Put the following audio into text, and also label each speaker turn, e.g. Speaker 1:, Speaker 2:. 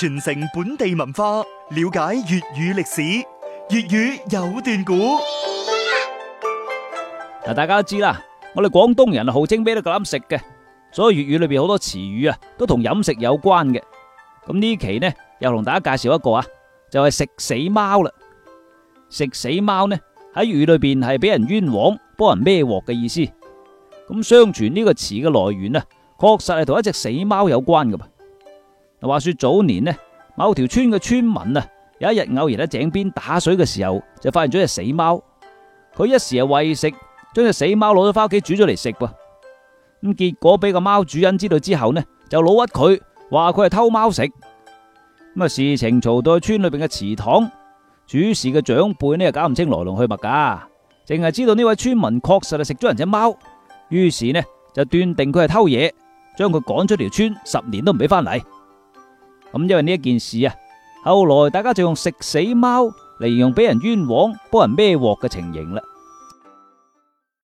Speaker 1: 傳承本地文化，了解粵語歷史，粵
Speaker 2: 語有段古。嗱，大家都知啦，我哋廣東人啊，號稱咩都夠膽食嘅，所以粵語裏邊好多詞語啊，都同飲食有關嘅。咁呢期呢，又同大家介紹一個啊，就係、是、食死貓啦。食死貓呢喺粵語裏邊係俾人冤枉，幫人孭鑊嘅意思。咁相傳呢個詞嘅來源啊，確實係同一隻死貓有關噶嘛。話說早年呢，某條村嘅村民啊，有一日偶然喺井邊打水嘅時候，就發現咗隻死貓。佢一時係為食，將隻死貓攞咗翻屋企煮咗嚟食噃。咁結果俾個貓主人知道之後呢，就老屈佢，話佢係偷貓食。咁啊，事情嘈到去村裏邊嘅祠堂，主事嘅長輩呢，搞唔清來龍去脈噶，淨係知道呢位村民確實係食咗人隻貓，於是呢就斷定佢係偷嘢，將佢趕出條村，十年都唔俾翻嚟。咁因為呢一件事啊，後來大家就用食死貓嚟形容俾人冤枉、幫人孭鑊嘅情形啦。